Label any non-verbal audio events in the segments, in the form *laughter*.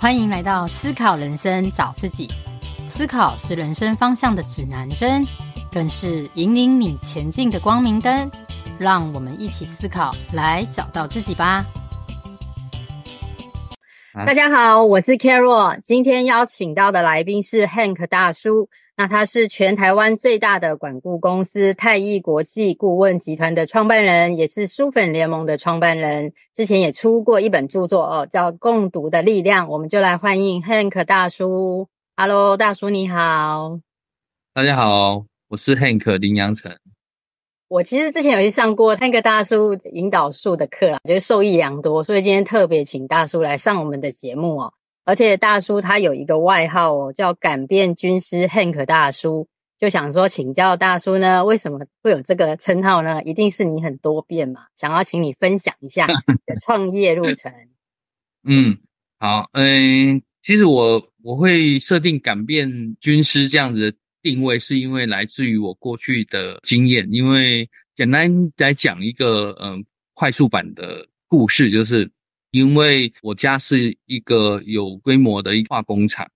歡迎來到思考人生，找自己。思考是人生方向的指南針，更是引領你前進的光明燈。讓我們一起思考，來找到自己吧。啊、大家好，我是 Carol，今天邀請到的來賓是 Hank 大叔。那他是全台灣最大的管顧公司太毅國際顧問集團的創辦人，也是書粉聯盟的創辦人。之前也出過一本著作哦，叫《共讀的力量》。我們就來歡迎 Hank 大叔。Hello，大叔你好。大家好，我是 Hank 林揚程。我其實之前有去上過 Hank 大叔引導術的課啦，覺得受益良多，所以今天特別請大叔來上我們的節目哦。而且大叔他有一個外號哦，叫“敢變軍師 ”Hank 大叔，就想說請教大叔呢，為什麼會有這個稱號呢？一定是你很多變嘛，想要請你分享一下你的創業路程。 *laughs* 嗯，好，嗯、呃，其實我我會設定“敢變軍師”這樣子的定位，是因為來自於我過去的經驗。因為簡單來講一個嗯快速版的故事，就是。因為我家是一個有規模的一個化工廠，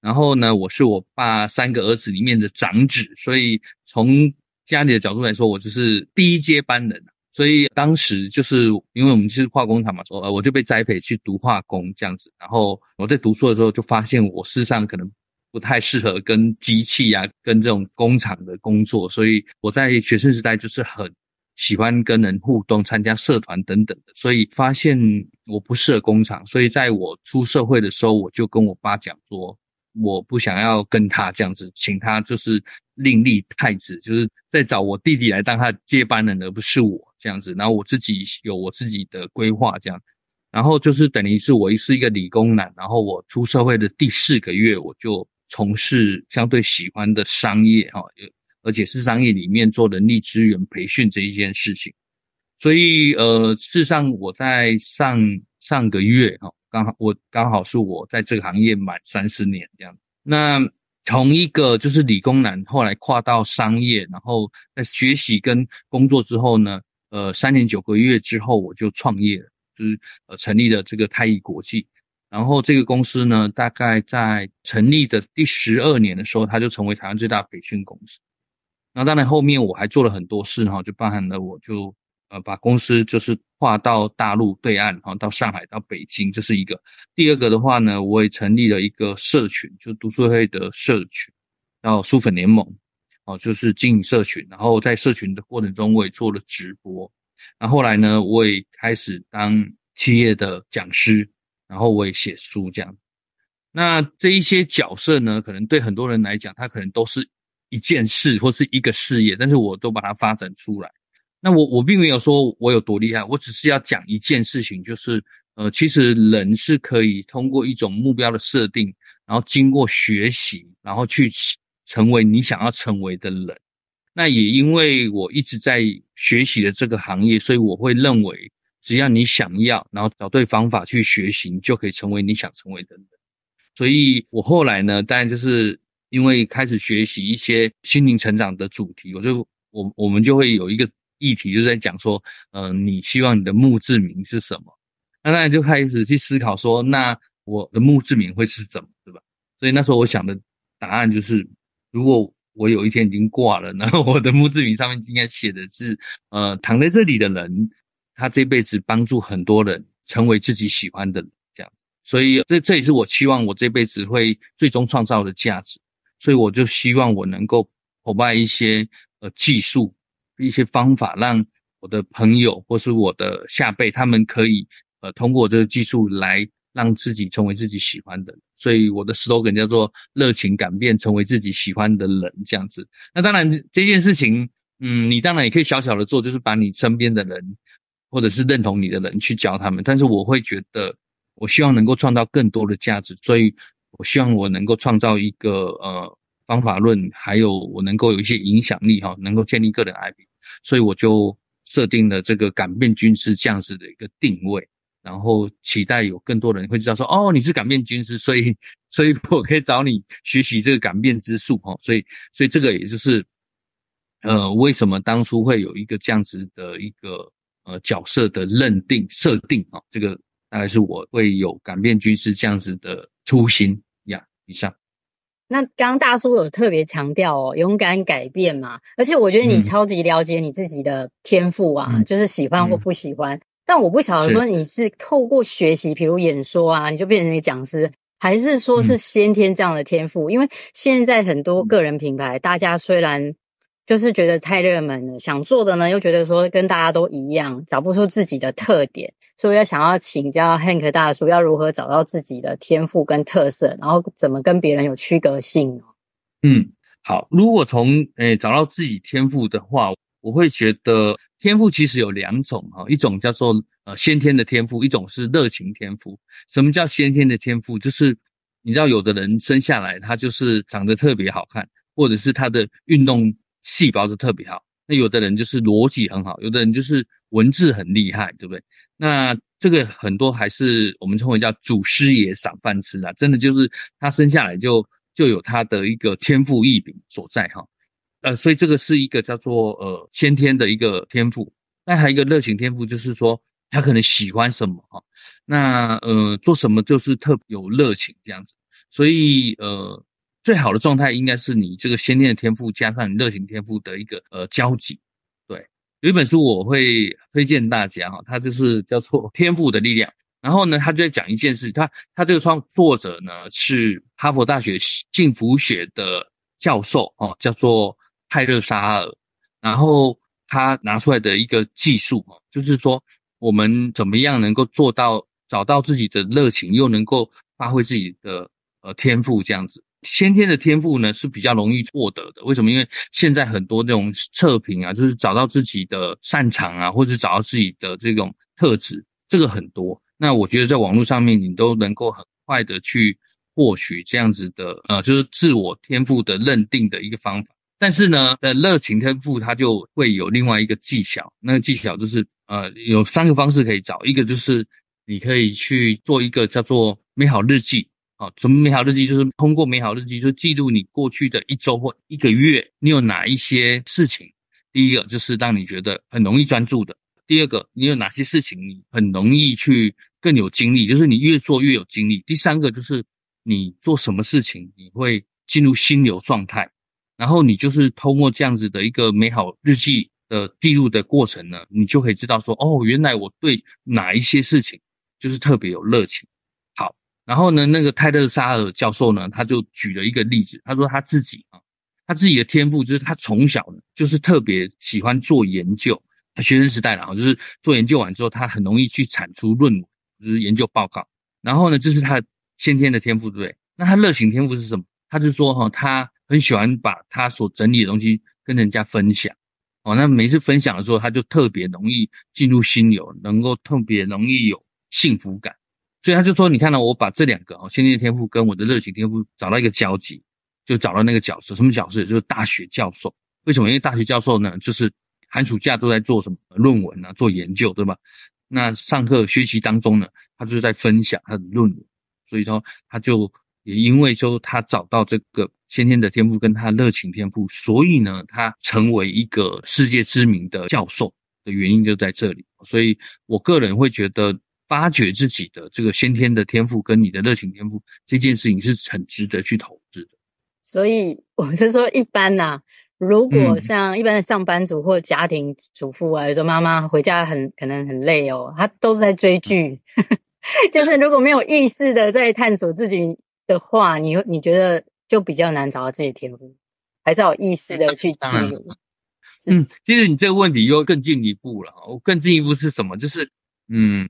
然後呢，我是我爸三個兒子裡面的長子，所以從家裡的角度來說，我就是第一接班人。所以當時就是因為我們是化工廠嘛，說呃，我就被栽培去讀化工這樣子。然後我在讀書的時候就發現我事實上可能不太適合跟機器啊，跟這種工廠的工作。所以我在學生時代就是很。喜歡跟人互動、參加社團等等的，所以發現我不適合工廠。所以在我出社會的時候，我就跟我爸講說，我不想要跟他這樣子，請他就是另立太子，就是再找我弟弟來當他接班人，而不是我這樣子。然後我自己有我自己的規劃這樣。然後就是等於是我是一個理工男，然後我出社會的第四個月，我就從事相對喜歡的商業而且是商業裡面做人力資源培訓這一件事情，所以呃，事實上我在上上個月哈，剛好我剛好是我在這個行業滿三十年這樣那。那從一個就是理工男，後來跨到商業，然後在學習跟工作之後呢，呃，三年九個月之後我就創業了，就是、呃、成立了這個太毅國際。然後這個公司呢，大概在成立的第十二年的時候，它就成為台灣最大培訓公司。那當然，後面我還做了很多事哈，就包含了我就呃把公司就是劃到大陸對岸哈，到上海，到北京，這是一個。第二個的話呢，我也成立了一個社群，就讀書會的社群，然後書粉聯盟，哦，就是經營社群。然後在社群的過程中，我也做了直播。那後來呢，我也開始當企業的講師，然後我也寫書這樣。那這一些角色呢，可能對很多人來講，他可能都是。一件事或是一個事業，但是我都把它發展出來。那我我並沒有說我有多厲害，我只是要講一件事情，就是呃，其實人是可以通過一種目標的設定，然後經過學習，然後去成為你想要成為的人。那也因為我一直在學習的這個行業，所以我會認為，只要你想要，然後找對方法去學習，就可以成為你想成為的人。所以我後來呢，當然就是。因為開始學習一些心靈成長的主題，我就我我們就會有一個議題，就是在講說，呃，你希望你的墓誌銘是什麼？那當然就開始去思考說，那我的墓誌銘會是怎麼，對吧？所以那時候我想的答案就是，如果我有一天已經掛了，然後我的墓誌銘上面應該寫的是，呃，躺在這裡的人，他這輩子幫助很多人，成為自己喜歡的人，這樣。所以，所以這這也是我希望我這輩子會最終創造的價值。所以我就希望我能夠 provide 一些呃技術、一些方法，讓我的朋友或是我的下輩，他們可以呃通過這個技術來讓自己成為自己喜歡的人。所以我的 slogan 叫做熱情敢變，成為自己喜歡的人這樣子。那當然這件事情，嗯，你當然也可以小小的做，就是把你身邊的人或者是認同你的人去教他們。但是我會覺得，我希望能夠創造更多的價值，所以。我希望我能夠創造一個呃方法論，還有我能夠有一些影響力哈、哦，能夠建立個人 IP，所以我就設定了這個敢變軍師這樣子的一個定位，然後期待有更多人會知道說哦，你是敢變軍師，所以所以我可以找你學習這個敢變之術哈、哦，所以所以這個也就是呃為什麼當初會有一個這樣子的一個呃角色的認定設定啊、哦，這個大概是我會有敢變軍師這樣子的初心。以上，那剛剛大叔有特別強調哦，勇敢改變嘛，而且我覺得你超級了解你自己的天賦啊，嗯、就是喜歡或不喜歡、嗯。但我不曉得說你是透過學習，比如演說啊，你就變成一個講師，還是說是先天這樣的天賦？嗯、因為現在很多個人品牌，嗯、大家雖然。就是覺得太熱門了，想做的呢又覺得說跟大家都一樣，找不出自己的特點，所以要想要請教 Hank 大叔，要如何找到自己的天賦跟特色，然後怎麼跟別人有區隔性呢？嗯，好，如果從誒、欸、找到自己天賦的話，我會覺得天賦其實有兩種哈、哦，一種叫做呃先天的天賦，一種是熱情天賦。什麼叫先天的天賦？就是你知道有的人生下來他就是長得特別好看，或者是他的運動。細胞就特別好，那有的人就是邏輯很好，有的人就是文字很厲害，對不對？那這個很多還是我們稱為叫祖師爺賞飯吃啊，真的就是他生下來就就有他的一個天賦異禀所在哈、啊。呃，所以這個是一個叫做呃先天的一個天賦。那還有一個熱情天賦，就是說他可能喜歡什麼哈、啊，那呃做什麼就是特別有熱情這樣子，所以呃。最好的狀態應該是你這個先天的天賦加上你熱情天賦的一個呃交集。對，有一本書我會推薦大家哈，它就是叫做《天賦的力量》。然後呢，他就在講一件事，他他這個創作者呢是哈佛大學幸福學的教授哦，叫做泰勒·沙爾。然後他拿出來的一個技術啊，就是說我們怎麼樣能夠做到找到自己的熱情，又能夠發揮自己的呃天賦這樣子。先天的天賦呢是比較容易獲得的，為什麼？因為現在很多那種測評啊，就是找到自己的擅長啊，或者找到自己的這種特質，這個很多。那我覺得在網絡上面，你都能夠很快的去獲取這樣子的，呃，就是自我天賦的認定的一個方法。但是呢，呃，熱情天賦它就會有另外一個技巧，那個技巧就是，呃，有三個方式可以找，一個就是你可以去做一個叫做美好日記。哦，什麼美好日記？就是通過美好日記，就記錄你過去的一周或一個月，你有哪一些事情，第一個就是讓你覺得很容易專注的；第二個，你有哪些事情你很容易去更有精力，就是你越做越有精力；第三個就是你做什麼事情你會進入心流狀態。然後你就是通過這樣子的一個美好日記的記錄的過程呢，你就可以知道說，哦，原來我對哪一些事情就是特別有熱情。然後呢，那個泰勒沙爾教授呢，他就舉了一個例子，他說他自己啊，他自己的天賦就是他從小呢就是特別喜歡做研究，學生時代啦，就是做研究完之後，他很容易去產出論文，就是研究報告。然後呢，這是他先天的天賦，對不對？那他熱情天賦是什麼？他就說哈，他很喜歡把他所整理的東西跟人家分享，哦，那每次分享的時候，他就特別容易進入心流，能夠特別容易有幸福感。所以他就說：“你看呢，我把這兩個哦，先天的天賦跟我的熱情天賦找到一個交集，就找到那個角色，什麼角色？就是大學教授。為什麼？因為大學教授呢，就是寒暑假都在做什麼論文啊，做研究，對吧？那上課學習當中呢，他就是在分享他的論文。所以說，他就也因為說他找到這個先天的天賦跟他的熱情天賦，所以呢，他成為一個世界知名的教授的原因就在這裡。所以我個人會覺得。”發掘自己的這個先天的天賦跟你的熱情天賦這件事情是很值得去投資的。所以我是說，一般吶、啊，如果像一般的上班族或家庭主婦啊，有時候媽媽回家很可能很累哦，她都是在追劇，嗯、 *laughs* 就是如果沒有意識的在探索自己的話，你你覺得就比較難找到自己天賦，還是要有意識的去記錄、嗯。嗯，其實你這個問題又更進一步了，我更進一步是什麼？就是嗯。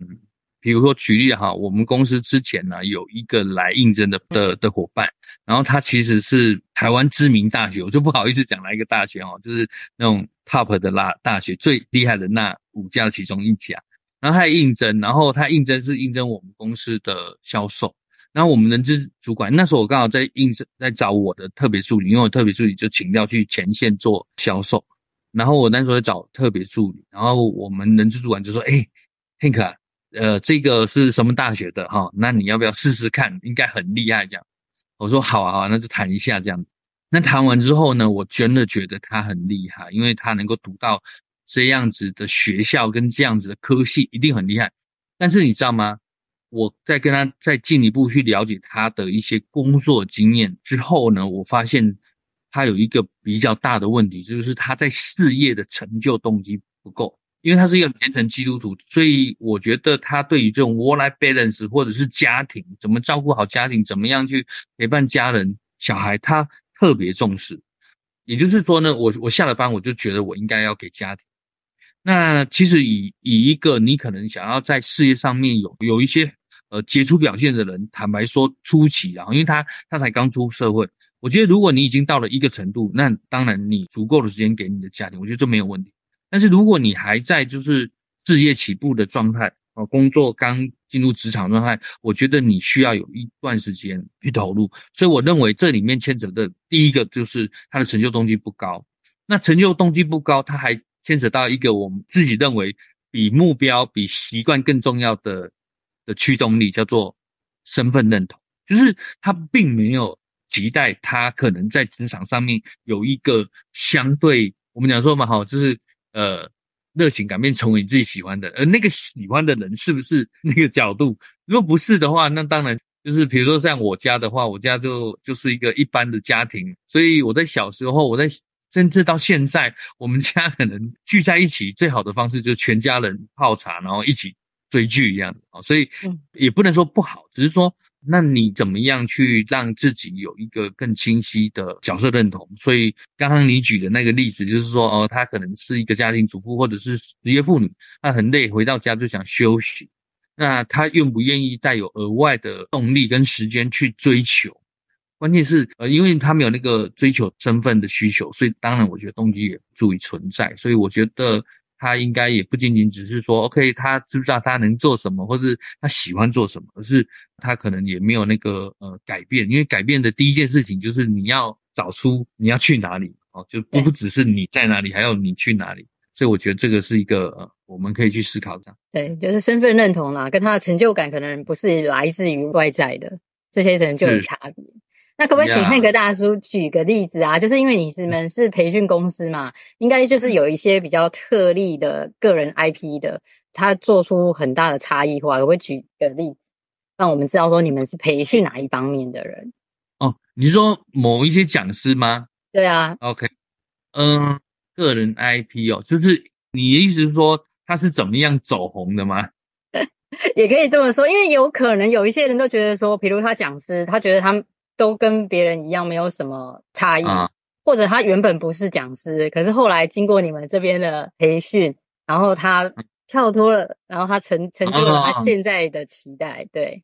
比如說，舉例哈，我們公司之前呢有一個來應徵的的的伙伴，嗯，然後他其實是台灣知名大學，我就不好意思講來一個大學哦，就是那種 top 的啦大學，最厲害的那五家其中一家。然後他還應徵，然後他應徵是應徵我們公司的銷售。然後我們人資主管那時候，我剛好在應徵，在找我的特別助理，因為我特別助理就請調去前線做銷售。然後我那時候在找特別助理，然後我們人資主管就說：“誒、欸、Hank 呃，這個是什麼大學的哈、哦？那你要不要試試看？應該很厲害這樣。我說好啊，好啊那就談一下這樣。那談完之後呢，我真的覺得他很厲害，因為他能夠讀到這樣子的學校跟這樣子的科系，一定很厲害。但是你知道嗎？我再跟他再進一步去了解他的一些工作經驗之後呢，我發現他有一個比較大的問題，就是他在事業的成就動機不夠。因為他是一個虔誠基督徒，所以我覺得他對於這種 work-life balance 或者是家庭，怎麼照顧好家庭，怎麼樣去陪伴家人、小孩，他特別重視。也就是說呢，我我下了班，我就覺得我應該要給家庭。那其實以以一個你可能想要在事業上面有有一些呃傑出表現的人，坦白說，初期啊，因為他他才剛出社會，我覺得如果你已經到了一個程度，那當然你足夠的時間給你的家庭，我覺得這沒有問題。但是如果你還在就是事業起步的狀態，工作剛進入職場狀態，我覺得你需要有一段時間去投入。所以我認為這裡面牽扯的第一個就是他的成就動機不高。那成就動機不高，他還牽扯到一個我們自己認為比目標、比習慣更重要的的驅動力，叫做身份認同。就是他並沒有期待他可能在職場上面有一個相對我們講說嘛，哈，就是。呃，熱情敢變成為你自己喜歡的，而、呃、那個喜歡的人是不是那個角度？如果不是的話，那當然就是，比如說像我家的話，我家就就是一個一般的家庭，所以我在小時候，我在甚至到現在，我們家可能聚在一起最好的方式就是全家人泡茶，然後一起追劇一樣啊，所以也不能說不好，只、就是說。那你怎麼樣去讓自己有一個更清晰的角色認同？所以剛剛你舉的那個例子，就是說，哦，她可能是一個家庭主婦或者是職業婦女，她很累，回到家就想休息。那她願不願意帶有額外的動力跟時間去追求？關鍵是，呃，因為她沒有那個追求身份的需求，所以當然我覺得動機也不足以存在。所以我覺得。他應該也不僅僅只是說，OK，他知不知道他能做什麼，或是他喜歡做什麼，而是他可能也沒有那個呃改變，因為改變的第一件事情就是你要找出你要去哪裡，哦，就不不只是你在哪裡，還有你去哪裡。所以我覺得這個是一個呃我們可以去思考這樣。對，就是身份認同啦，跟他的成就感可能不是來自於外在的，這些可能就有差別。那可不可以請 Hank 大叔舉個例子啊？Yeah. 就是因為你們是、嗯、是培訓公司嘛，應該就是有一些比較特例的個人 IP 的，他做出很大的差異化。我會舉個例子，讓我們知道說你們是培訓哪一方面的人？哦，你說某一些講師嗎？對啊。OK，嗯，個人 IP 哦，就是你的意思是說他是怎麼樣走紅的嗎？ *laughs* 也可以這麼說，因為有可能有一些人都覺得說，比如他講師，他覺得他都跟別人一樣，沒有什麼差異，或者他原本不是講師、啊，可是後來經過你們這邊的培訓，然後他跳脫了，然後他成成就了他現在的期待對、啊啊啊啊啊。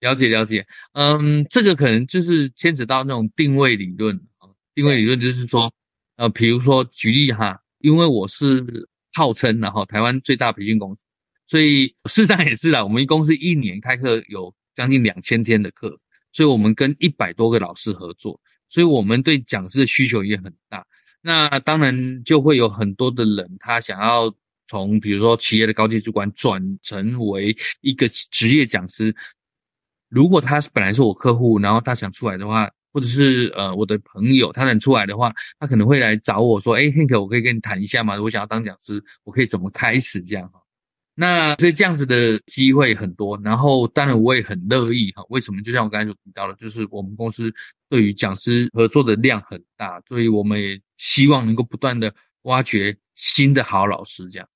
對，了解了解，嗯，這個可能就是牽扯到那種定位理論啊。定位理論就是說，呃，比如說舉例哈，因為我是號稱然後台灣最大培訓公司，所以事實上也是啦，我們一公司一年開課有將近兩千天的課。所以我們跟一百多個老師合作，所以我們對講師的需求也很大。那當然就會有很多的人，他想要從比如說企業的高級主管轉成為一個職業講師。如果他是本來是我客戶，然後他想出來的話，或者是呃我的朋友他想出來的話，他可能會來找我說：“哎、hey，Hank，我可以跟你談一下嗎？我想要當講師，我可以怎麼開始這樣？”那所以這樣子的機會很多，然後當然我也很樂意哈、啊。為什麼？就像我剛才所提到的，就是我們公司對於講師合作的量很大，所以我們也希望能夠不斷的挖掘新的好老師。這樣，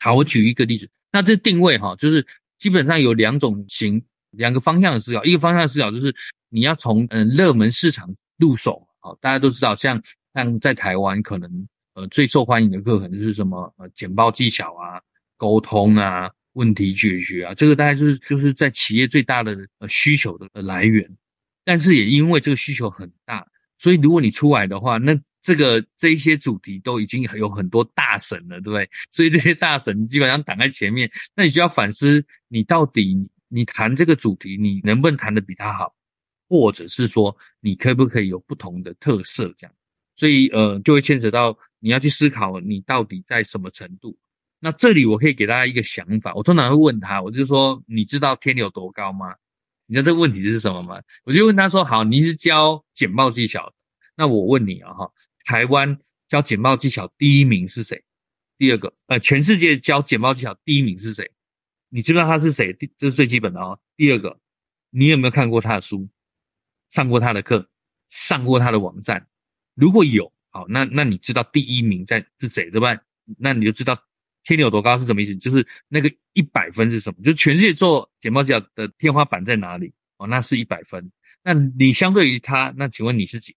好，我舉一個例子。那這定位哈、啊，就是基本上有兩種型，兩個方向的思考。一個方向的思考就是你要從嗯熱門市場入手啊，大家都知道，像像在台灣可能呃最受歡迎的課可能就是什麼呃簡報技巧啊。溝通啊，問題解決啊，這個大概就是就是在企業最大的呃需求的來源。但是也因為這個需求很大，所以如果你出來的話，那這個這一些主題都已經有很多大神了，對不對？所以這些大神基本上擋在前面，那你就要反思，你到底你談這個主題，你能不能談得比他好，或者是說你可不可以有不同的特色這樣？所以呃，就會牽扯到你要去思考，你到底在什麼程度。那這裡我可以給大家一個想法，我通常會問他，我就說，你知道天有多高嗎？你知道這個問題是什麼嗎？我就問他說：好，你是教簡報技巧，那我問你啊哈，台灣教簡報技巧第一名是誰？第二個，呃，全世界教簡報技巧第一名是誰？你知道他是誰？第，這是最基本的哦。第二個，你有沒有看過他的書，上過他的課，上過他的網站？如果有，好，那那你知道第一名在是誰對吧？那你就知道。天有多高是什麼意思？就是那個一百分是什麼？就是全世界做簡報夾的天花板在哪裡？哦，那是一百分。那你相對於他，那請問你是幾？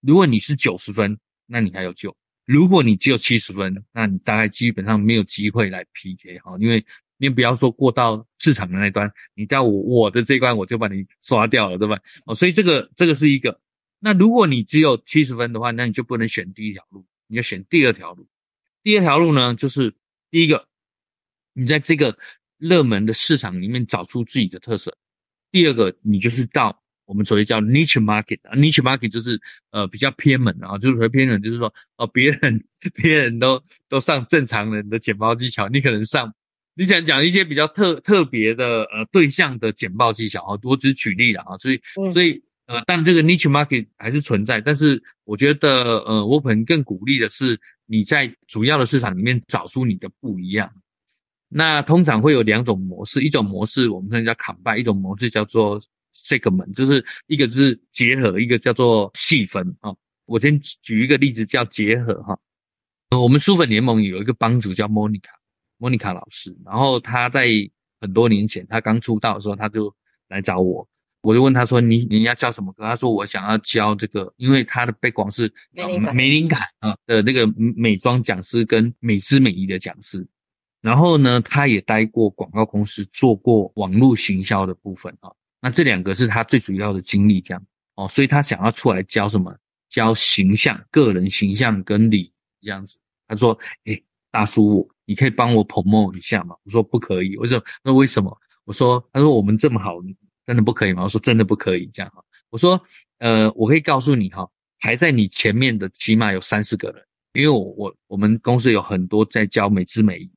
如果你是九十分，那你還有救；如果你只有七十分，那你大概基本上沒有機會來 PK 哈、哦。因為你不要說過到市場的那端，你到我我的這一關，我就把你刷掉了，對吧？哦，所以這個這個是一個。那如果你只有七十分的話，那你就不能選第一條路，你要選第二條路。第二條路呢，就是。第一個，你在這個熱門的市場裡面找出自己的特色。第二個，你就是到我們所謂叫 niche market，niche market，uh-huh. uh-huh. niche market 就是呃比較偏門啊，就是說偏門，就是說哦別人別人都都上正常人的簡報技巧，你可能上你想講一些比較特特別的呃對象的簡報技巧啊，我只舉例了啊，所以、嗯、所以。呃，但這個 niche market 還是存在，但是我覺得，呃，我可能更鼓勵的是你在主要的市場裡面找出你的不一樣。那通常會有兩種模式，一種模式我們稱叫 combine，一種模式叫做 segment，就是一個就是結合，一個叫做細分啊。我先舉一個例子叫結合哈，呃、啊，我們書粉聯盟有一個幫主叫 Monica，Monica Monica 老師，然後她在很多年前她剛出道的時候，她就來找我。我就問他說你：“你你要教什麼歌？”他說：“我想要教這個，因為他的背景是玫琳凱，啊、呃呃、的那個美妝講師跟美姿美儀的講師。然後呢，他也待過廣告公司，做過網絡行銷的部分啊、哦。那這兩個是他最主要的經歷，這樣哦。所以他想要出來教什麼？教形象、個人形象跟理這樣子。他說：“誒、欸、大叔，你可以幫我 promote 一下嗎？”我說：“不可以。”我說：“那為什麼？”我說：“他說我們這麼好。”真的不可以嗎？我說真的不可以這樣哈。我說，呃，我可以告訴你哈，排在你前面的起碼有三四個人，因為我我我們公司有很多在教美姿美儀，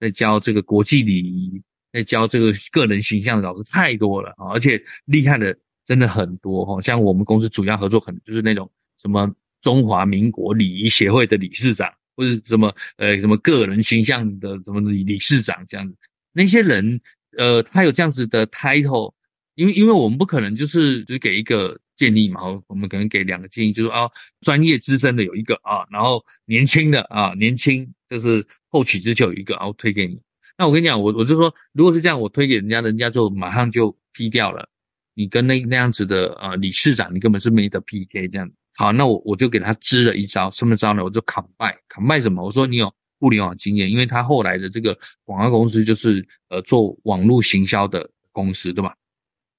在教這個國際禮儀，在教這個個人形象的老師太多了，而且厲害的真的很多哈。像我們公司主要合作可能就是那種什麼中華民國禮儀協會的理事長，或者什麼呃什麼個人形象的什麼理、理事長這樣子，那些人呃他有這樣子的 title。因為，因為我們不可能就是只給一個建議嘛，我們可能給兩個建議，就是啊，專業資深的有一個啊，然後年輕的啊，年輕就是後起之秀有一個，然後推給你。那我跟你講，我我就說，如果是這樣，我推給人家，人家就馬上就批掉了。你跟那那樣子的呃理事長，你根本是沒得 PK 這樣。好，那我我就給他支了一招，什麼招呢？我就卡賣卡賣什麼？我說你有互聯網經驗，因為他後來的這個廣告公司就是呃做網絡行銷的公司，對吧？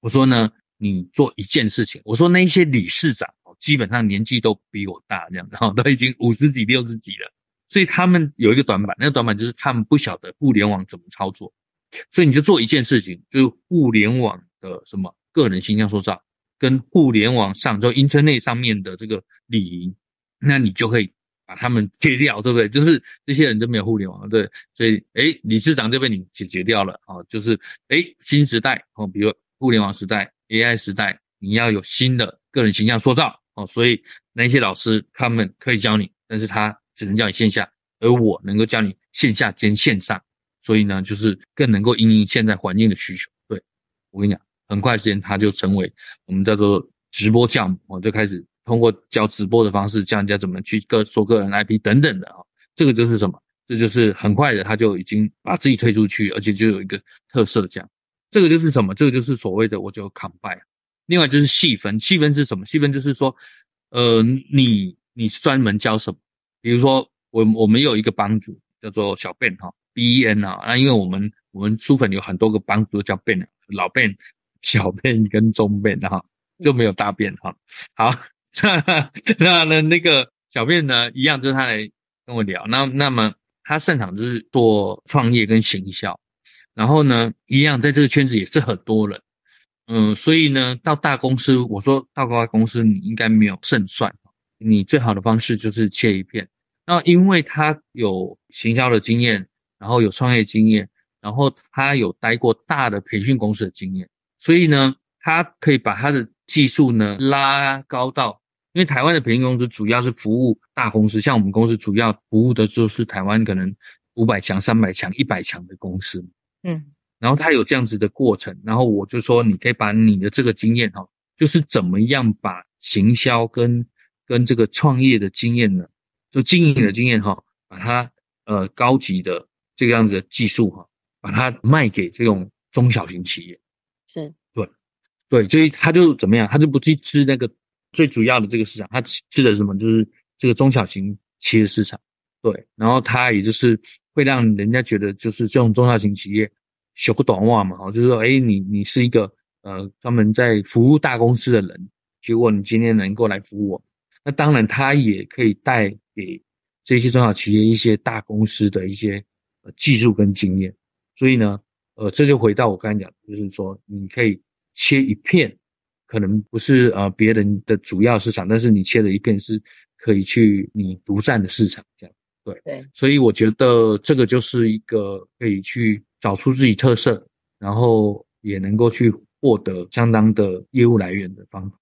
我說呢，你做一件事情。我說那一些理事長，哦，基本上年紀都比我大，這樣，然後都已經五十幾、六十幾了，所以他們有一個短板，那個短板就是他們不曉得互聯網怎麼操作。所以你就做一件事情，就是互聯網的什麼個人形象塑造，跟互聯網上，就 internet 上面的這個理銀，那你就可以把他們切掉，對不對？就是這些人都沒有互聯網，對，所以哎，理事長就被你解決掉了啊，就是哎，新時代哦，比如。互聯網時代、AI 時代，你要有新的個人形象塑造哦。所以那些老師他們可以教你，但是他只能教你線下，而我能夠教你線下兼線上，所以呢，就是更能夠因應現在環境的需求。對。我跟你講，很快時間他就成為我們叫做直播項目，我就開始通過教直播的方式教人家怎麼去個做個人 IP 等等的啊。這個就是什麼？這就是很快的他就已經把自己推出去，而且就有一個特色這樣。這個就是什麼？這個就是所謂的我就 combine。另外就是細分，細分是什麼？細分就是說，呃，你你專門教什麼？比如說，我我們有一個幫主叫做小 Ben、啊。哈，B E N 哈。那因為我們我們書粉有很多個幫主叫 Ben，老 Ben、小 Ben 跟中 Ben 哈，啊，就沒有大 Ben 哈、啊。好， *laughs* 那那那個小 Ben 呢，一樣就是他來跟我聊。那那麼他擅長就是做創業跟行銷。然後呢，一樣在這個圈子也是很多人，嗯，所以呢，到大公司，我說到大公司你應該沒有勝算，你最好的方式就是切一片。那因為他有行銷的經驗，然後有創業經驗，然後他有待過大的培訓公司的經驗，所以呢，他可以把他的技術呢拉高到，因為台灣的培訓公司主要是服務大公司，像我們公司主要服務的就是台灣可能五百強、三百強、一百強的公司。嗯，然後他有這樣子的過程，然後我就說，你可以把你的這個經驗哈，就是怎麼樣把行銷跟跟這個創業的經驗呢，就經營的經驗哈，嗯、把它呃高級的這個樣子的技術哈，把它賣給這種中小型企業，是對，對，所以他就怎麼樣，他就不去吃那個最主要的這個市場，他吃的什麼，就是這個中小型企業市場，對，然後他也就是。會讓人家覺得就是這種中小型企業小個短襪嘛，就是說，哎，你你是一個呃，專門在服務大公司的人，結果你今天能夠來服務我，那當然他也可以帶給這些中小企業一些大公司的一些呃技術跟經驗。所以呢，呃，這就回到我剛才講的，就是說你可以切一片，可能不是呃別人的主要市場，但是你切的一片是可以去你獨占的市場這樣。對對，所以我覺得這個就是一個可以去找出自己特色，然後也能夠去獲得相當的業務來源的方法。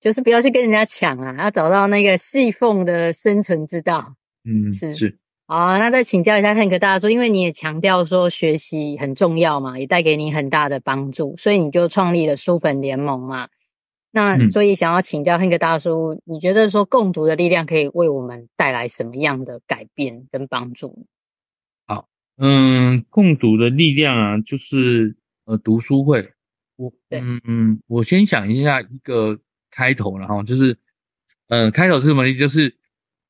就是不要去跟人家搶啊，要找到那個細縫的生存之道。嗯，是是好。那再請教一下，Hank 大叔說，因為你也強調說學習很重要嘛，也帶給你很大的幫助，所以你就創立了書粉聯盟嘛。那所以想要請教 Hank 大叔，你覺得說共讀的力量可以為我們帶來什麼樣的改變跟幫助？好，嗯，共讀的力量啊，就是呃讀書會。我嗯，我先想一下一個開頭了哈，然後就是嗯、呃，開頭是什麼意思？就是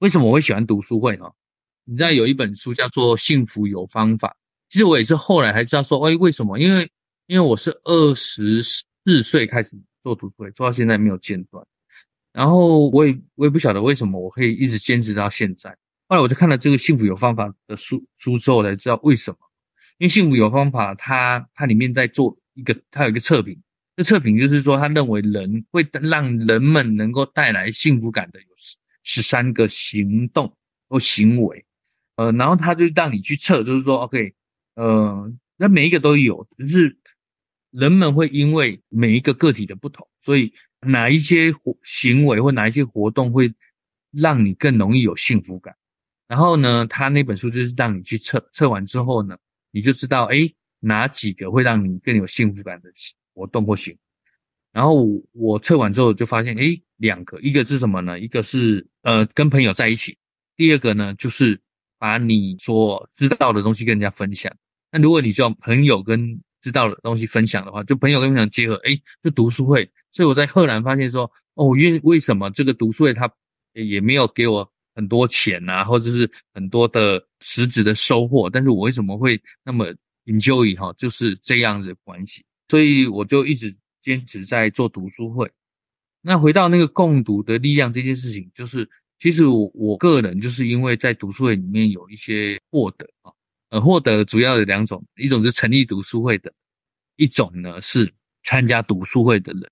為什麼我會喜歡讀書會呢？你知道有一本書叫做《幸福有方法》，其實我也是後來才知道說，哎、欸，為什麼？因為因為我是二十四歲開始。做讀書會做到現在沒有間斷，然後我也我也不曉得為什麼我可以一直堅持到現在。後來我就看了這個《幸福有方法》的書書之後才知道為什麼，因為《幸福有方法》它它裡面在做一個它有一個測評，這測評就是說，它認為人會讓人們能夠帶來幸福感的有十三個行動或行為，呃，然後它就讓你去測，就是說 OK，嗯、呃，那每一個都有，只是。人們會因為每一個個體的不同，所以哪一些行為或哪一些活動會讓你更容易有幸福感？然後呢，他那本書就是讓你去測，測完之後呢，你就知道、哎，誒哪幾個會讓你更有幸福感的活動或行為？然後我測完之後就發現、哎，誒兩個，一個是什麼呢？一個是呃，跟朋友在一起，第二個呢就是把你所知道的東西跟人家分享。那如果你知道朋友跟知道的東西分享的話，就朋友跟朋友結合，哎，就讀書會。所以我在赫然發現說，哦，因為為什麼這個讀書會他也沒有給我很多錢吶、啊，或者是很多的實質的收穫，但是我為什麼會那麼 enjoy、哦、就是這樣子的關係。所以我就一直堅持在做讀書會。那回到那個共讀的力量這件事情，就是其實我我個人就是因為在讀書會裡面有一些獲得啊。哦呃，獲得主要有兩種，一種是成立讀書會的，一種呢是參加讀書會的人。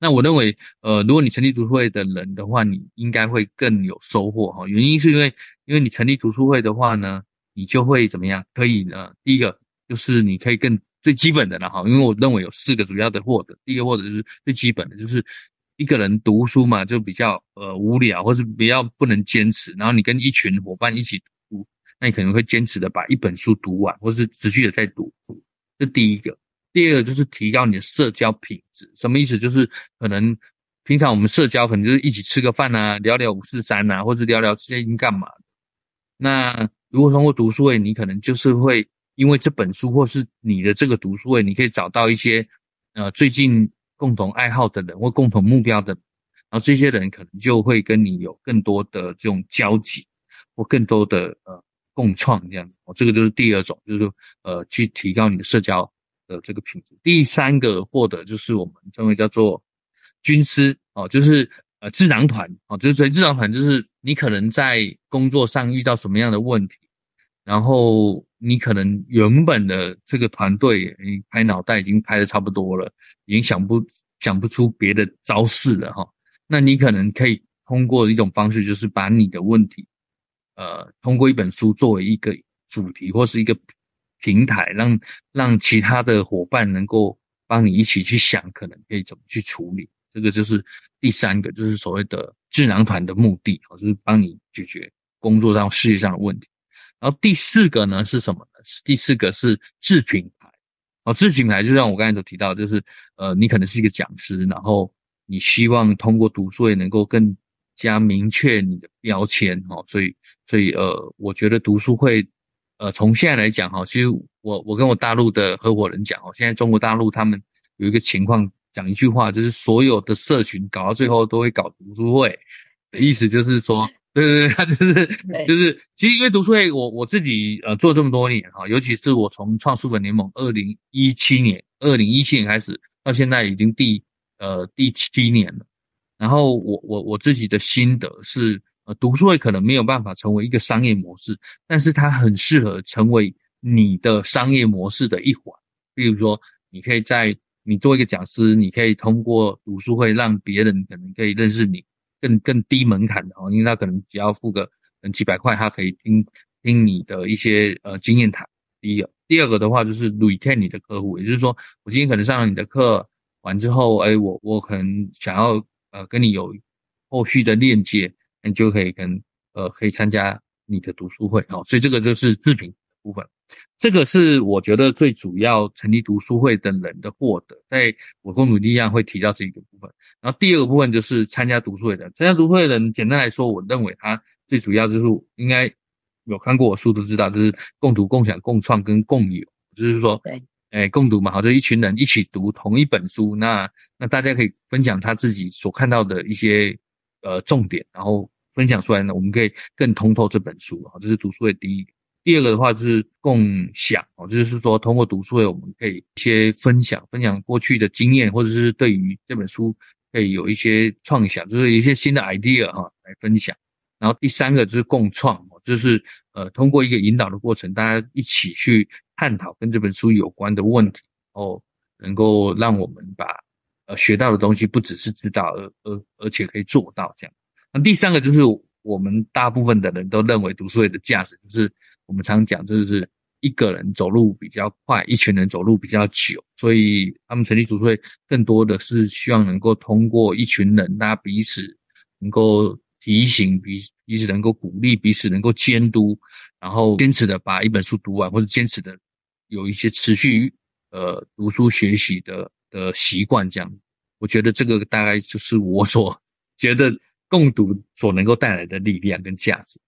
那我認為，呃，如果你成立讀書會的人的話，你應該會更有收穫哈。原因是因為，因為你成立讀書會的話呢，你就會怎麼樣？可以呢，第一個就是你可以更最基本的了哈。因為我認為有四個主要的獲得，第一個獲得是最基本的，就是一個人讀書嘛，就比較呃無聊，或是比較不能堅持，然後你跟一群夥伴一起讀。那你可能會堅持的把一本書讀完，或是持續的在讀書，這第一個。第二個就是提高你的社交品質，什麼意思？就是可能平常我們社交可能就是一起吃個飯吶，聊聊五四三吶、啊，或者聊聊最近幹嘛。那如果通過讀書會，你可能就是會因為這本書或是你的這個讀書會，你可以找到一些呃最近共同愛好的人或共同目標的人，然後這些人可能就會跟你有更多的這種交集，或更多的呃。共創這樣，哦，這個就是第二種，就是說，呃，去提高你的社交的這個品質。第三個獲得就是我們稱為叫做軍師，哦，就是呃智囊團，哦，就是智囊團，就是你可能在工作上遇到什麼樣的問題，然後你可能原本的這個團隊你拍腦袋已經拍得差不多了，已經想不想不出別的招式了，哈、哦，那你可能可以通過一種方式，就是把你的問題。呃，通過一本書作為一個主題或是一個平台，讓讓其他的夥伴能夠幫你一起去想，可能可以怎麼去處理。這個就是第三個，就是所謂的智囊團的目的，哦，就是幫你解決工作上、事業上的問題。然後第四個呢是什麼呢？第四個是制品牌。哦，制品牌就像我剛才所提到，就是呃，你可能是一個講師，然後你希望通過讀書也能夠更。加明確你的標籤哈，所以所以呃，我覺得讀書會，呃，從現在來講哈，其實我我跟我大陸的合夥人講哦，現在中國大陸他們有一個情況，講一句話，就是所有的社群搞到最後都會搞讀書會的意思就是說，對對，對對，他就是就是，其實因為讀書會我，我我自己呃做這麼多年哈，尤其是我從創書粉聯盟二零一七年二零一七年開始，到現在已經第呃第七年了。然後我我我自己的心得是，呃，讀書會可能沒有辦法成為一個商業模式，但是它很適合成為你的商業模式的一環。比如說，你可以在你做一個講師，你可以通過讀書會讓別人可能可以認識你，更更低門檻的哦，因為他可能只要付個嗯幾百塊，他可以聽聽你的一些呃經驗談。第一個，第二個的話就是累 n 你的客戶，也就是說，我今天可能上了你的課完之後，哎，我我可能想要。呃，跟你有後續的鏈接，你就可以跟呃，可以參加你的讀書會哦。所以這個就是作品部分，這個是我覺得最主要成立讀書會的人的獲得，在我《共讀的力量》會提到這一個部分。然後第二個部分就是參加讀書會的人，參加讀書會的人，簡單來說，我認為他最主要就是應該有看過我書都知道，就是共讀、共享、共創跟共有，就是說。對誒，共讀嘛，好，就一群人一起讀同一本書，那那大家可以分享他自己所看到的一些呃重點，然後分享出來呢，我們可以更通透這本書啊。這是讀書會第一。第二個的話就是共享哦，就是說通過讀書會，我們可以一些分享，分享過去的經驗，或者是對於這本書可以有一些創想，就是一些新的 idea 哈、哦、來分享。然後第三個就是共創、哦、就是。呃，通過一個引導的過程，大家一起去探討跟這本書有關的問題，然後能夠讓我們把呃學到的東西不只是知道，而而而且可以做到這樣。那第三個就是我們大部分的人都認為讀書會的價值，就是我們常講，就是一個人走路比較快，一群人走路比較久，所以他們成立讀書會更多的是希望能夠通過一群人，大家彼此能夠。提醒彼彼此能夠鼓勵，彼此能夠監督，然後堅持的把一本書讀完，或者堅持的有一些持續呃讀書學習的的習慣，這樣，我覺得這個大概就是我所覺得共讀所能夠帶來的力量跟價值。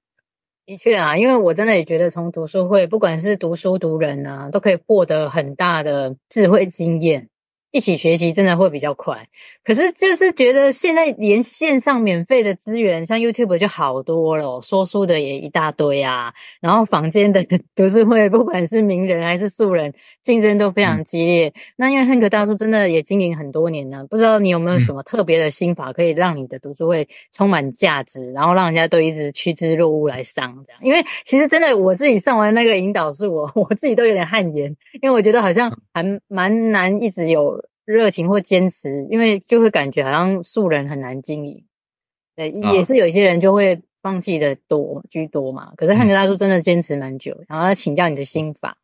的確啊，因為我真的也覺得從讀書會，不管是讀書讀人啊，都可以獲得很大的智慧經驗。一起學習真的會比較快，可是就是覺得現在連線上免費的資源，像 YouTube 就好多了、哦，說書的也一大堆啊。然後坊間的讀書會，不管是名人還是素人，競爭都非常激烈。嗯、那因為漢克大叔真的也經營很多年了、啊，不知道你有沒有什麼特別的心法，可以讓你的讀書會充滿價值，然後讓人家都一直趨之若鶩來上這樣？因為其實真的我自己上完那個引導術、哦，我我自己都有點汗顏，因為我覺得好像還蠻難一直有。熱情或堅持，因為就會感覺好像素人很難經營，對，也是有一些人就會放棄的多、啊、居多嘛。可是漢克大叔真的堅持蠻久、嗯，然後他請教你的心法，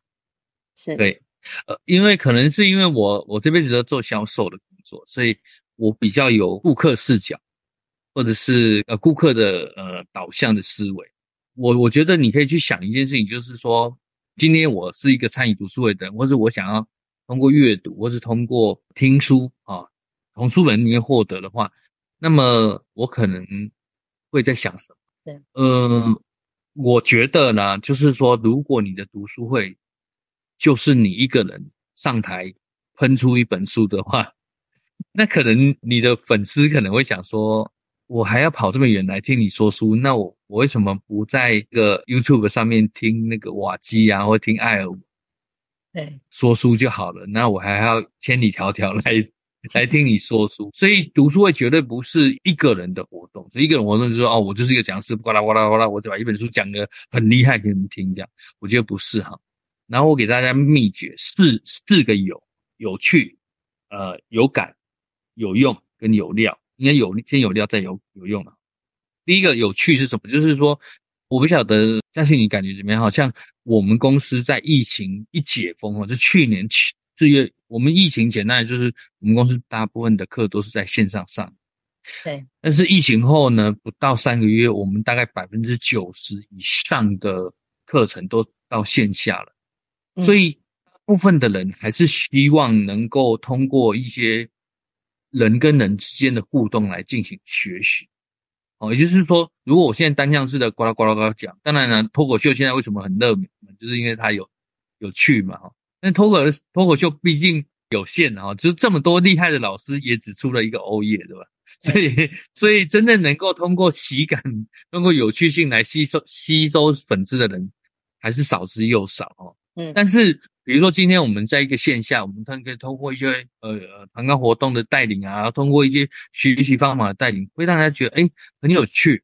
是對，呃，因為可能是因為我我這輩子都做銷售的工作，所以我比較有顧客視角，或者是呃顧客的呃導向的思維。我我覺得你可以去想一件事情，就是說今天我是一個參與讀書會的人，或是我想要。通過閱讀或是通過聽書啊，從書本裡面獲得的話，那麼我可能會在想什麼？對呃、嗯，我覺得呢，就是說，如果你的讀書會就是你一個人上台噴出一本書的話， *laughs* 那可能你的粉絲可能會想說：我還要跑這麼遠來聽你說書，那我我為什麼不在一個 YouTube 上面聽那個瓦基啊，或聽艾爾文？對。說書就好了，那我還要千里迢迢來 *laughs* 來聽你說書，所以讀書會絕對不是一個人的活動。所以一個人活動就是說，哦，我就是一個講師，呱啦呱啦呱啦，我就把一本書講得很厲害給你們聽，這樣。我覺得不是哈。然後我給大家秘訣，四、四個有：有趣、呃、有感、有用跟有料。應該有先有料，再有有用啊。第一個有趣是什麼？就是說，我不曉得，相信你感覺怎麼樣？好像。我們公司在疫情一解封啊，就去年去四月，我們疫情簡單的就是我們公司大部分的課都是在線上上的。對。但是疫情後呢，不到三個月，我們大概百分之九十以上的課程都到線下了。所以，部分的人還是希望能夠通過一些人跟人之間的互動來進行學習。也就是說，如果我現在單向式的呱啦呱啦呱講，當然呢，脫口秀現在為什麼很熱門，就是因為它有有趣嘛哈。那脫口脫口秀畢竟有限哈，就是這麼多厲害的老師也只出了一個歐耶，對吧？嗯，所以所以真正能夠通過喜感、通過有趣性來吸收吸收粉絲的人，還是少之又少哦。但是比如說今天我們在一個線下，我們可能可以通過一些呃呃，課堂活動的帶領啊，然後通過一些學習方法的帶領，會讓大家覺得哎、欸、很有趣。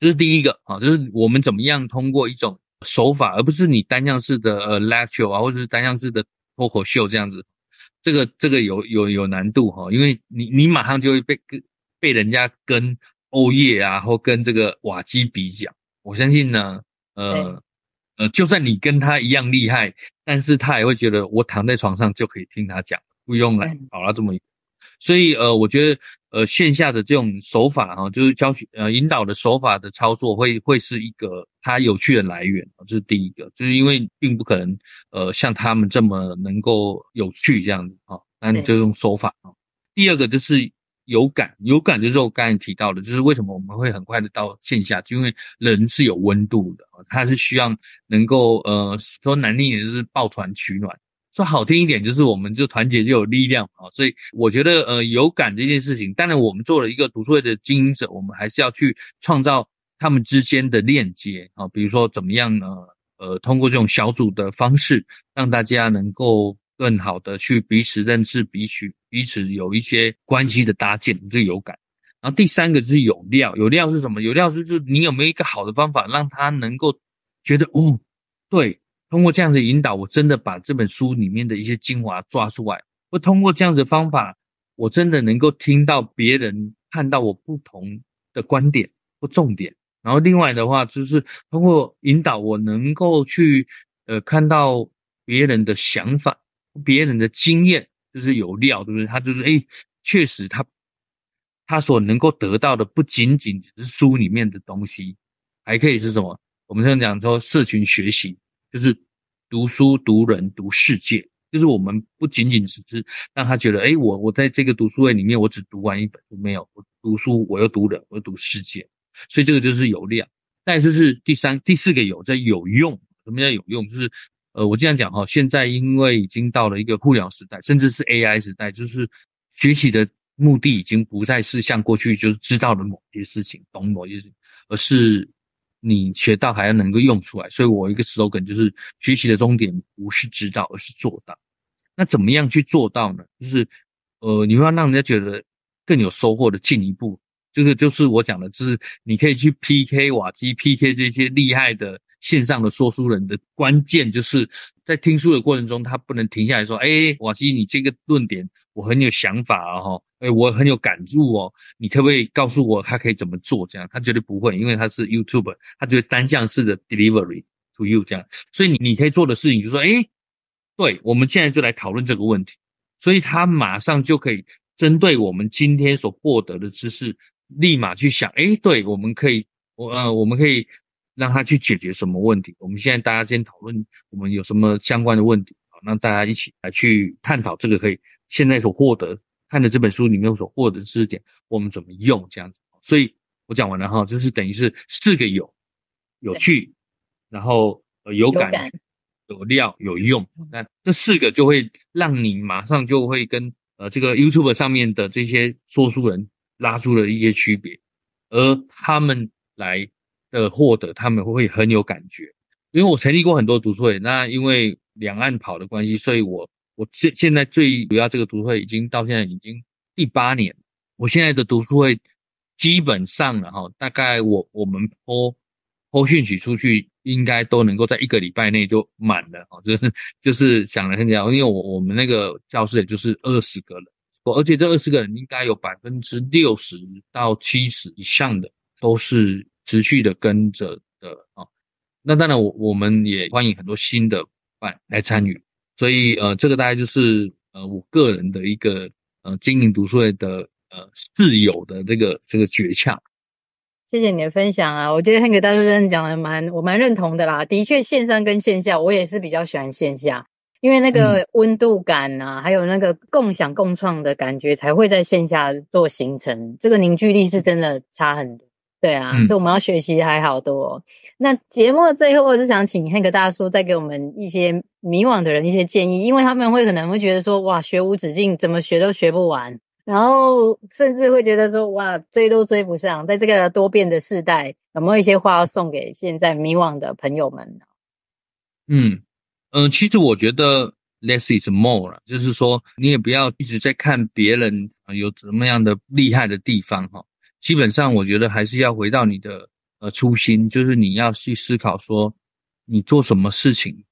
這、就是第一個啊，就是我們怎麼樣通過一種手法，而不是你單向式的、呃、lecture 啊，或者是單向式的脫口秀這樣子，這個這個有有有難度哈、啊，因為你你馬上就會被跟被人家跟歐葉啊，或跟這個瓦基比較。我相信呢，呃。欸呃，就算你跟他一樣厲害，但是他也會覺得我躺在床上就可以聽他講，不用來搞了、啊、這麼遠。所以呃，我覺得呃線下的這種手法哈、啊，就是教學呃引導的手法的操作會、會會是一個他有趣的來源，這是、就是第一個，就是因為並不可能呃像他們這麼能夠有趣這樣子、啊、那你就用手法啊。第二個就是。有感有感，就是我剛才提到的，就是為什麼我們會很快的到線下，就因為人是有溫度的，他是需要能夠呃說難聽一點就是抱團取暖，說好聽一點就是我們就團結就有力量啊。所以我覺得呃有感這件事情，當然我們作為一個讀書會的經營者，我們還是要去創造他們之間的鏈接啊，比如說怎麼樣呢？呃，呃，通過這種小組的方式，讓大家能夠。更好的去彼此認識彼此，彼此彼此有一些關係的搭建，這是有感。然後第三個是有料，有料是什麼？有料是就是你有沒有一個好的方法，讓他能夠覺得哦，對，通過這樣子引導，我真的把這本書裡面的一些精華抓出來。我通過這樣子的方法，我真的能夠聽到別人看到我不同的觀點或重點。然後另外的話，就是通過引導，我能夠去呃看到別人的想法。別人的經驗就是有料，對不對？他就是誒確實他、他他所能夠得到的不僅僅只是書裡面的東西，還可以是什麼？我們現在講說，社群學習就是讀書、讀人、讀世界，就是我們不僅僅只是讓他覺得，哎，我我在這個讀書會裡面，我只讀完一本書，沒有，我讀書，我又讀人，我又讀世界，所以這個就是有料。但是是第三，第四個有在有用，什麼叫有用？就是。呃，我這樣講哈，現在因為已經到了一個互聯網時代，甚至是 AI 時代，就是學習的目的已經不再是像過去就是知道了某些事情，懂某些事情，而是你學到還要能夠用出來。所以我一個 slogan 就是學習的終點不是知道，而是做到。那怎麼樣去做到呢？就是呃，你會讓人家覺得更有收穫的進一步，這個就是我講的，就是你可以去 PK 瓦基 PK 這些厲害的。線上的說書人的關鍵就是在聽書的過程中，他不能停下來說：“哎、欸，瓦西，你這個論點我很有想法啊、哦，哈，哎，我很有感觸哦，你可不可以告訴我他可以怎麼做？”這樣他絕對不會，因為他是 YouTuber，他覺得單向式的 delivery to you 這樣。所以你你可以做的事情就是說：“哎、欸，對，我們現在就來討論這個問題。”所以他馬上就可以針對我們今天所獲得的知識，立馬去想：“哎、欸，對，我們可以，我呃，我們可以。”讓他去解決什麼問題？我們現在大家先討論，我們有什麼相關的問題好，讓大家一起來去探討這個可以現在所獲得看的這本書裡面所獲得知識點，我們怎麼用這樣子？所以我講完了哈，就是等於是四個有有趣，然後有感有料有用，那這四個就會讓你馬上就會跟呃這個 YouTube 上面的這些說書人拉出了一些區別，而他們來。的獲得他們會很有感覺，因為我成立過很多讀書會，那因為兩岸跑的關係，所以我我現現在最主要這個讀書會已經到現在已經第八年了，我現在的讀書會基本上了哈，大概我我們播播訊息出去，應該都能夠在一個禮拜內就滿了，哦，就是就是想來很久，因為我我們那個教室也就是二十個人，而且這二十個人應該有百分之六十到七十以上的都是。持續的跟着的啊、哦，那當然我我們也歡迎很多新的夥伴來參與，所以呃，這個大概就是呃我個人的一個呃經營讀書會的呃室友的這個這個訣竅。謝謝你的分享啊，我覺得 Hank 大叔講的蠻我蠻認同的啦，的確線上跟線下我也是比較喜歡線下，因為那個溫度感啊，嗯、還有那個共享共創的感覺，才會在線下做形成，這個凝聚力是真的差很多。對啊、嗯，所以我們要學習還好多、哦。那節目的最後，我是想請 Hank 大叔再給我們一些迷惘的人一些建議，因為他們會可能會覺得說，哇，學無止境，怎麼學都學不完，然後甚至會覺得說，哇，追都追不上。在這個多變的世代，有沒有一些話要送給現在迷惘的朋友們呢？嗯嗯、呃，其實我覺得 less is more 就是說你也不要一直在看別人有怎麼樣的厲害的地方哈。基本上，我覺得還是要回到你的呃初心，就是你要去思考說，你做什麼事情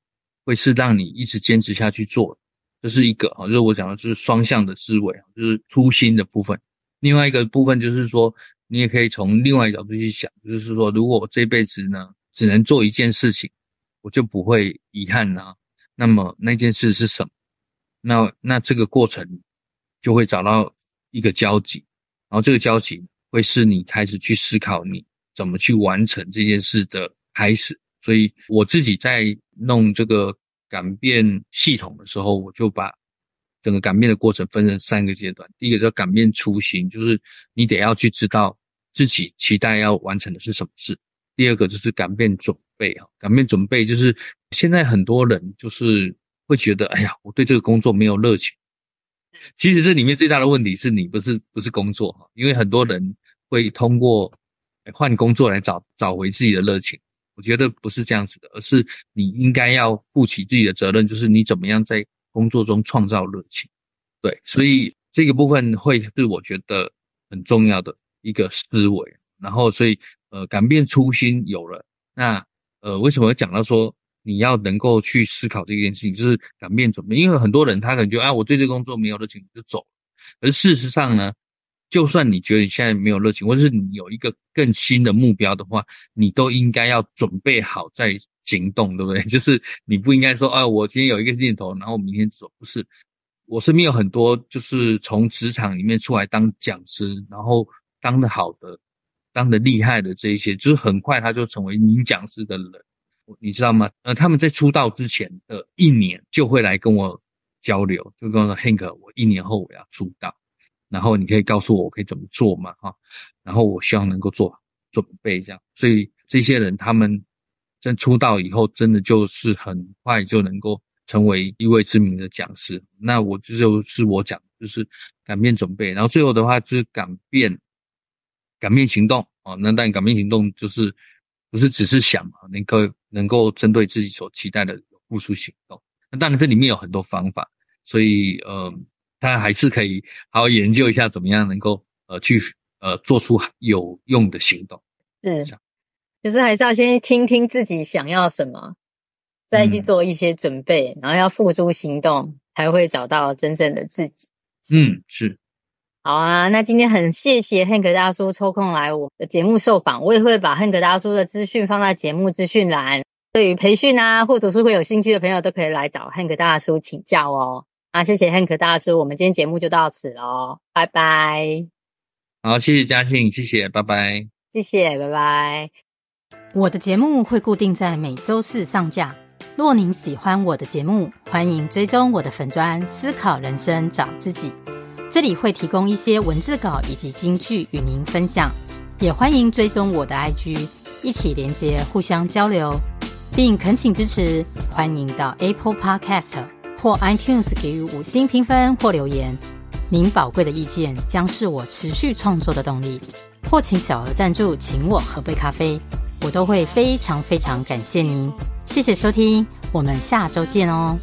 會是讓你一直堅持下去做，這是一個啊，就是我講的就是雙向的思維，就是初心的部分。另外一個部分就是說，你也可以從另外一角度去想，就是說，如果我這輩子呢只能做一件事情，我就不會遺憾呢，那麼那件事是什麼？那那這個過程就會找到一個交集，然後這個交集。會是你開始去思考你怎麼去完成這件事的開始。所以我自己在弄這個敢變系統的時候，我就把整個敢變的過程分成三個階段。第一個叫敢變初心，就是你得要去知道自己期待要完成的是什麼事。第二個就是敢變準備啊，敢變準備就是現在很多人就是會覺得，哎呀，我對這個工作沒有熱情。其實這裡面最大的問題是你不是不是工作哈啊，因為很多人，會通過換工作來找找回自己的熱情，我覺得不是這樣子的，而是你應該要負起自己的責任，就是你怎麼樣在工作中創造熱情。對，所以這個部分會是我覺得很重要的一個思維。然後，所以呃，改變初心有了，那呃，為什麼要講到說你要能夠去思考這件事情，就是改變準備，因為很多人他感覺啊，我對這個工作沒有熱情我就走，而事實上呢，嗯就算你覺得你現在沒有熱情，或者是你有一個更新的目標的話，你都應該要準備好再行動，對不對？就是你不應該說啊、哎，我今天有一個念頭，然後我明天走。不是，我身邊有很多就是從職場裡面出來當講師，然後當的好的、當的厲害的這一些，就是很快他就成為名講師的人，你知道嗎？呃，他們在出道之前的、呃、一年就會來跟我交流，就跟我說：“Hank，我一年後我要出道。”然後你可以告訴我，我可以怎麼做嘛？哈，然後我希望能夠做準備一下。所以這些人他們在出道以後，真的就是很快就能夠成為一位知名的講師。那我這就是我講，就是敢變準備，然後最後的話就是敢變敢變行動啊。那但敢變行動就是不是只是想嘛，能夠能夠針對自己所期待的付出行動。那當然這裡面有很多方法，所以呃。他還是可以好好研究一下，怎麼樣能夠呃去呃做出有用的行動。是，就是還是要先聽聽自己想要什麼，再去做一些準備，嗯、然後要付諸行動，才會找到真正的自己。嗯，是。好啊，那今天很謝謝 Hank 大叔抽空來我的節目受訪，我也會把 Hank 大叔的資訊放在節目資訊欄，對於培訓啊或者是會有興趣的朋友，都可以來找 Hank 大叔請教哦。啊，謝謝 Hank 大叔，我們今天節目就到此嘍，拜拜。好，謝謝嘉慶，謝謝，拜拜。謝謝，拜拜。我的節目會固定在每週四上架。若您喜歡我的節目，歡迎追蹤我的粉專“思考人生找自己”，這裡會提供一些文字稿以及金句與您分享。也歡迎追蹤我的 IG，一起連接，互相交流，並懇請支持。歡迎到 Apple Podcast。或 iTunes 給予五星評分或留言，您寶貴的意見將是我持續創作的動力。或請小額贊助，請我喝杯咖啡，我都會非常非常感謝您。謝謝收聽，我們下周見哦。